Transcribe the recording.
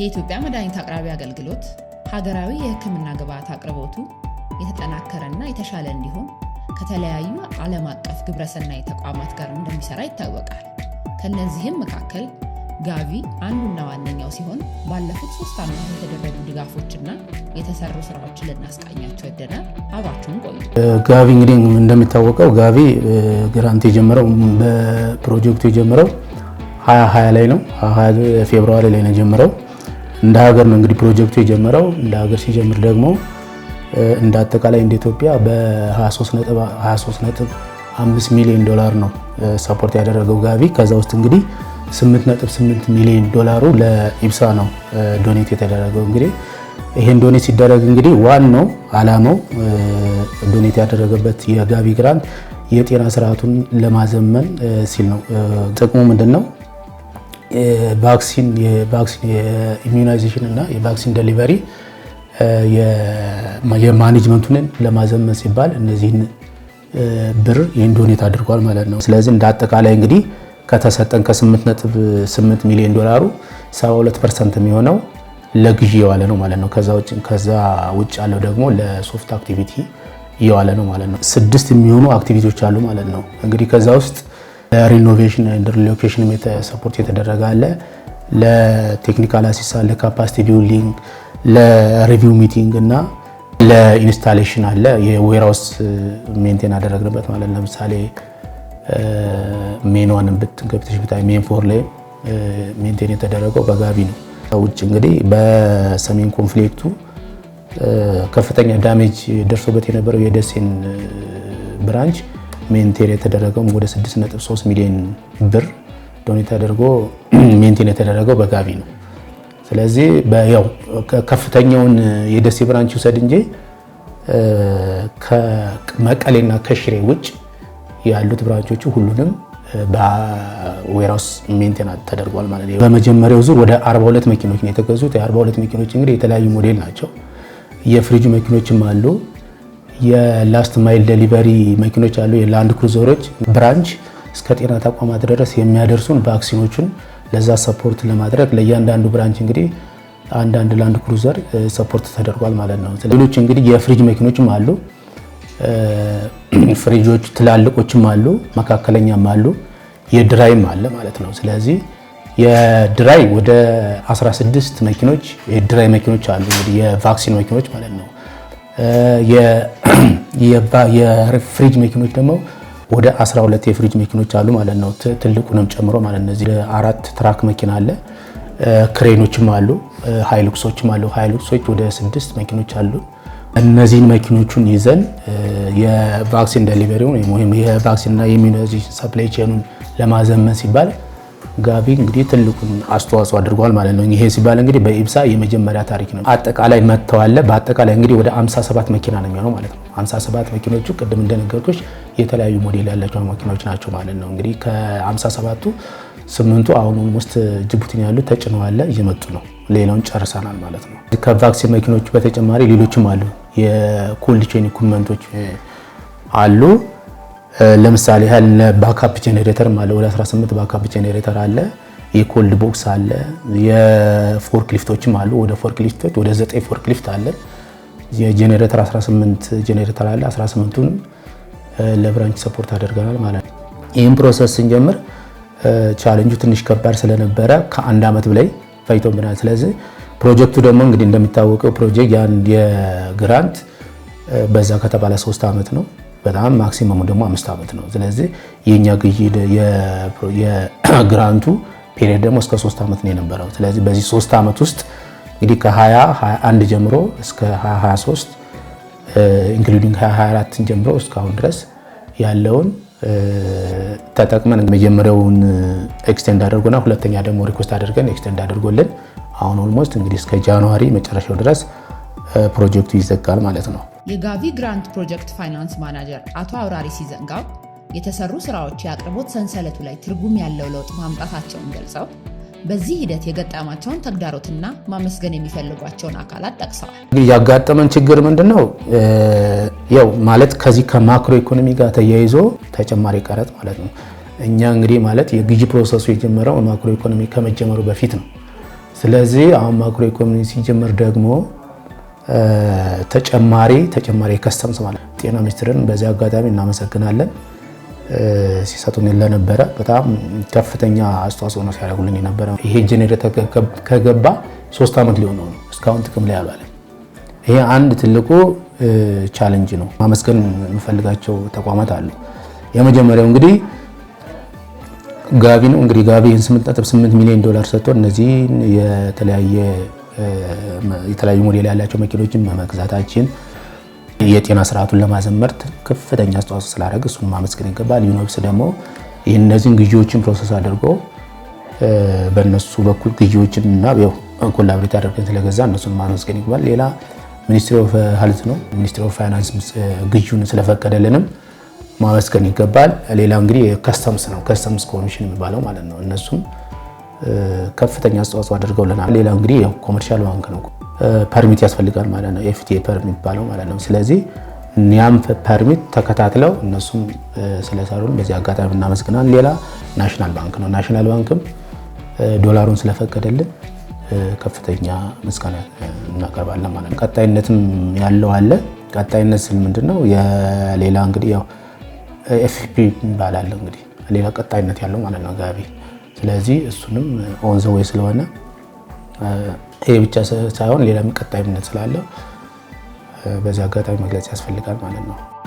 የኢትዮጵያ መድኃኒት አቅራቢ አገልግሎት ሀገራዊ የህክምና ግብዓት አቅርቦቱ የተጠናከረና የተሻለ እንዲሆን ከተለያዩ ዓለም አቀፍ ግብረሰናይ ተቋማት ጋር እንደሚሰራ ይታወቃል። ከእነዚህም መካከል ጋቪ አንዱና ዋነኛው ሲሆን ባለፉት ሶስት ዓመታት የተደረጉ ድጋፎችና የተሰሩ ስራዎች ልናስቃኛቸው ወደና አብራችሁን ቆዩ። ጋቪ እንግዲህ እንደሚታወቀው ጋቪ ግራንት የጀመረው በፕሮጀክቱ የጀመረው ሀያ 2 ላይ ነው። ፌብርዋሪ ላይ ነው የጀመረው እንደ ሀገር ነው እንግዲህ ፕሮጀክቱ የጀመረው። እንደ ሀገር ሲጀምር ደግሞ እንደ አጠቃላይ እንደ ኢትዮጵያ በ23.5 ሚሊዮን ዶላር ነው ሰፖርት ያደረገው ጋቪ። ከዛ ውስጥ እንግዲህ 8.8 ሚሊዮን ዶላሩ ለኢብሳ ነው ዶኔት የተደረገው። እንግዲህ ይሄን ዶኔት ሲደረግ እንግዲህ ዋናው አላማው ዶኔት ያደረገበት የጋቪ ግራንት የጤና ስርዓቱን ለማዘመን ሲል ነው። ጥቅሙ ምንድን ነው? የቫክሲን የኢሚዩናይዜሽን እና የቫክሲን ደሊቨሪ የማኔጅመንቱንን ለማዘመን ሲባል እነዚህን ብር የኢንዶኔት አድርጓል ማለት ነው። ስለዚህ እንደ አጠቃላይ እንግዲህ ከተሰጠን ከ8.8 ሚሊዮን ዶላሩ 72 ፐርሰንት የሚሆነው ለግዢ የዋለ ነው ማለት ነው። ከዛ ውጭ ያለው ደግሞ ለሶፍት አክቲቪቲ የዋለ ነው ማለት ነው። ስድስት የሚሆኑ አክቲቪቲዎች አሉ ማለት ነው። እንግዲህ ከዛ ውስጥ ሪኖቬሽን ሪሎኬሽንም ሰፖርት የተደረገ አለ። ለቴክኒካል አሲሳ፣ ለካፓሲቲ ቢውልዲንግ፣ ለሪቪው ሚቲንግ እና ለኢንስታሌሽን አለ። የዌራውስ ሜንቴን አደረግንበት ማለት ለምሳሌ ሜንዋን ብትገብተሽ ብታይ ሜን ፎር ላይ ሜንቴን የተደረገው በጋቢ ነው። ውጭ እንግዲህ በሰሜን ኮንፍሊክቱ ከፍተኛ ዳሜጅ ደርሶበት የነበረው የደሴን ብራንች ሜንቴን የተደረገው ወደ 6.3 ሚሊዮን ብር ዶኔት ተደርጎ ሜንቴን የተደረገው በጋቢ ነው። ስለዚህ ያው ከፍተኛውን የደሴ ብራንች ውሰድ እንጂ ከመቀሌና ከሽሬ ውጭ ያሉት ብራንቾቹ ሁሉንም በዌራውስ ሜንቴና ተደርጓል ማለት ነው። በመጀመሪያው ዙር ወደ 42 መኪኖች ነው የተገዙት። የ42 መኪኖች እንግዲህ የተለያዩ ሞዴል ናቸው። የፍሪጅ መኪኖችም አሉ። የላስት ማይል ደሊቨሪ መኪኖች አሉ። የላንድ ክሩዘሮች ብራንች እስከ ጤና ተቋማት ድረስ የሚያደርሱን ቫክሲኖቹን ለዛ ሰፖርት ለማድረግ ለእያንዳንዱ ብራንች እንግዲህ አንዳንድ ላንድ ክሩዘር ሰፖርት ተደርጓል ማለት ነው። ሌሎች እንግዲህ የፍሪጅ መኪኖችም አሉ። ፍሪጆች ትላልቆችም አሉ፣ መካከለኛም አሉ፣ የድራይም አለ ማለት ነው። ስለዚህ የድራይ ወደ 16 መኪኖች የድራይ መኪኖች አሉ የቫክሲን መኪኖች ማለት ነው። የፍሪጅ መኪኖች ደግሞ ወደ 12 የፍሪጅ መኪኖች አሉ ማለት ነው። ትልቁንም ጨምሮ ማለት ነው። እዚህ አራት ትራክ መኪና አለ፣ ክሬኖችም አሉ፣ ሃይሉክሶችም አሉ። ሃይሉክሶች ወደ ስድስት መኪኖች አሉ። እነዚህን መኪኖቹን ይዘን የቫክሲን ደሊቨሪውን ወይም የቫክሲንና የኢሚዩናይዜሽን ሰፕላይ ቼኑን ለማዘመን ሲባል ጋቢ እንግዲህ ትልቁን አስተዋጽኦ አድርጓል ማለት ነው። ይሄ ሲባል እንግዲህ በኢብሳ የመጀመሪያ ታሪክ ነው። አጠቃላይ መጥተዋለ በአጠቃላይ እንግዲህ ወደ 57 መኪና ነው የሚሆነው ማለት ነው። 57 መኪኖቹ ቅድም እንደነገርኩሽ የተለያዩ ሞዴል ያላቸው መኪናዎች ናቸው ማለት ነው። እንግዲህ ከ57ቱ ስምንቱ አሁን ውስጥ ጅቡቲን ያሉ ተጭነዋለ እየመጡ ነው። ሌላውን ጨርሰናል ማለት ነው። ከቫክሲን መኪኖቹ በተጨማሪ ሌሎችም አሉ። የኮልድ ቼን ኢኩፕመንቶች አሉ። ለምሳሌ ያህል ባካፕ ጄኔሬተር አለ። ወደ 18 ባካፕ ጄኔሬተር አለ። የኮልድ ቦክስ አለ። የፎርክ ሊፍቶችም አሉ። ወደ ፎርክ ሊፍቶች ወደ 9 ፎርክ ሊፍት አለ። የጄኔሬተር 18 ጄኔሬተር አለ። 18ቱን ለብራንች ሰፖርት አድርገናል ማለት ነው። ይህን ፕሮሰስ ስንጀምር ቻለንጁ ትንሽ ከባድ ስለነበረ ከአንድ ዓመት በላይ ፈጅቶብናል። ስለዚህ ፕሮጀክቱ ደግሞ እንግዲህ እንደሚታወቀው ፕሮጀክት የግራንት በዛ ከተባለ ሶስት ዓመት ነው። በጣም ማክሲመሙ ደግሞ አምስት ዓመት ነው። ስለዚህ የእኛ ግዢ የግራንቱ ፔሪየድ ደግሞ እስከ ሶስት ዓመት ነው የነበረው። ስለዚህ በዚህ ሶስት ዓመት ውስጥ እንግዲህ ከ2021 ጀምሮ እስከ 2023 ኢንክሉዲንግ 2024 ጀምሮ እስካሁን ድረስ ያለውን ተጠቅመን መጀመሪያውን ኤክስቴንድ አድርጎና ሁለተኛ ደግሞ ሪኩዌስት አድርገን ኤክስቴንድ አድርጎልን አሁን ኦልሞስት እንግዲህ እስከ ጃንዋሪ መጨረሻው ድረስ ፕሮጀክቱ ይዘጋል ማለት ነው። የጋቪ ግራንት ፕሮጀክት ፋይናንስ ማናጀር አቶ አውራሪ ሲዘንጋው የተሰሩ ስራዎች የአቅርቦት ሰንሰለቱ ላይ ትርጉም ያለው ለውጥ ማምጣታቸውን ገልጸው በዚህ ሂደት የገጠማቸውን ተግዳሮትና ማመስገን የሚፈልጓቸውን አካላት ጠቅሰዋል። ያጋጠመን ችግር ምንድን ነው? ያው ማለት ከዚህ ከማክሮ ኢኮኖሚ ጋር ተያይዞ ተጨማሪ ቀረጥ ማለት ነው። እኛ እንግዲህ ማለት የግዢ ፕሮሰሱ የጀመረው ማክሮ ኢኮኖሚ ከመጀመሩ በፊት ነው። ስለዚህ አሁን ማክሮ ኢኮኖሚ ሲጀመር ደግሞ ተጨማሪ ተጨማሪ ከስተምስ ማለት ጤና ሚኒስትርን በዚህ አጋጣሚ እናመሰግናለን። ሲሰጡን ለነበረ በጣም ከፍተኛ አስተዋጽኦ ነው ሲያደርጉልን የነበረ። ይሄ ጄኔሬተር ከገባ ሶስት ዓመት ሊሆን ነው እስካሁን ጥቅም ላይ ያልዋለ። ይሄ አንድ ትልቁ ቻለንጅ ነው። ማመስገን የምፈልጋቸው ተቋማት አሉ። የመጀመሪያው እንግዲህ ጋቢ ነው። እንግዲህ ጋቢ 8.8 ሚሊዮን ዶላር ሰጥቶ እነዚህን የተለያየ የተለያዩ ሞዴል ያላቸው መኪኖችን በመግዛታችን የጤና ስርዓቱን ለማዘመርት ከፍተኛ አስተዋጽኦ ስላደረገ እሱን ማመስገን ይገባል። ዩኖፕስ ደግሞ እነዚህን ግዢዎችን ፕሮሰስ አድርጎ በእነሱ በኩል ግዢዎችን እና ኮላብሬት አድርገን ስለገዛ እነሱን ማመስገን ይገባል። ሌላ ሚኒስትሪ ኦፍ ሄልት ነው። ሚኒስትሪ ኦፍ ፋይናንስ ግዢውን ስለፈቀደልንም ማመስገን ይገባል። ሌላ እንግዲህ ከስተምስ ነው። ከስተምስ ኮሚሽን የሚባለው ማለት ነው እነሱም ከፍተኛ አስተዋጽኦ አድርገውልናል። ሌላ እንግዲህ ያው ኮመርሻል ባንክ ነው፣ ፐርሚት ያስፈልጋል ማለት ነው፣ ኤፍቲኤ ፐርሚት የሚባለው ማለት ነው። ስለዚህ ያም ፐርሚት ተከታትለው እነሱም ስለሰሩን በዚህ አጋጣሚ እናመስግናል። ሌላ ናሽናል ባንክ ነው። ናሽናል ባንክም ዶላሩን ስለፈቀደልን ከፍተኛ ምስጋና እናቀርባለን ማለት ነው። ቀጣይነትም ያለው አለ። ቀጣይነት ስል ምንድን ነው? የሌላ እንግዲህ ያው ኤፍፒ ይባላል እንግዲህ ሌላ ቀጣይነት ያለው ማለት ነው ጋቢ ስለዚህ እሱንም ኦንዘ ወይ ስለሆነ ይሄ ብቻ ሳይሆን ሌላም ቀጣይነት ስላለው በዚህ አጋጣሚ መግለጽ ያስፈልጋል ማለት ነው።